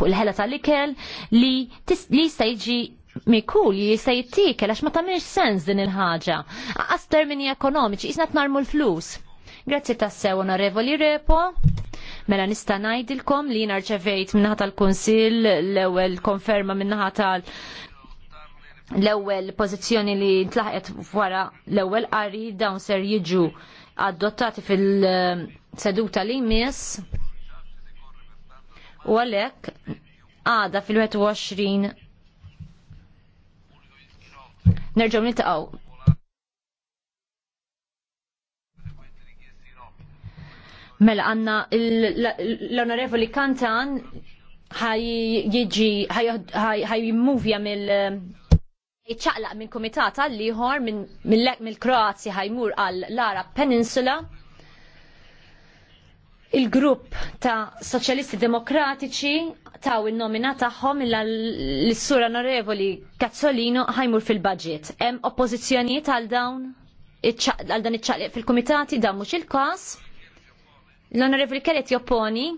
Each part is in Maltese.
fuq il-ħela tal-ikel li jista' jiġi mikul jista' jittikel għax ma tagħmilx sens din il-ħaġa. Għas termini ekonomiċi jisna tmarmu l-flus. Grazzi tassew onorevoli Repo. Mela nista' ngħidilkom li narċevejt minnaħa tal-Kunsill l-ewwel konferma minnaħa tal- l-ewwel pożizzjoni li tlaħqet wara l-ewwel qari dawn ser jiġu adottati fil-seduta eh, li jmiss U għalek għada fil-21 nerġaw nitaqaw. Mela għanna l-onorevoli Kantan ħaj ħaj jimmuvja mill eh, ċaqlaq minn komitat għal liħor minn Kroazja ħajmur għal Lara Peninsula il-grupp ta' Soċjalisti Demokratiċi taw il-nomina tagħhom l-Sur Onorevoli Cazzolino ħajmur fil-budget. Hemm oppożizzjonijiet għal dawn għal dan iċċaqliq fil-kumitati dan mhux il-każ. L-Onorevoli Kelly jopponi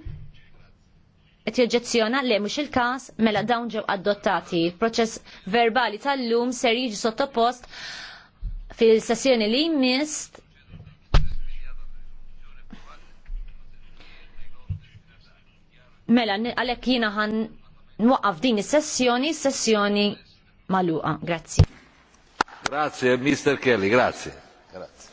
qed jeġġezzjona li mhux il-każ mela dawn ġew adottati. proċess verbali tal-lum ser jiġi sottopost fil-sessjoni li jmist Mela, għalek jina għan nwaqaf din is-sessjoni, sessjoni maluqa. Grazie. Grazie, Mr. Kelly, grazie. grazie.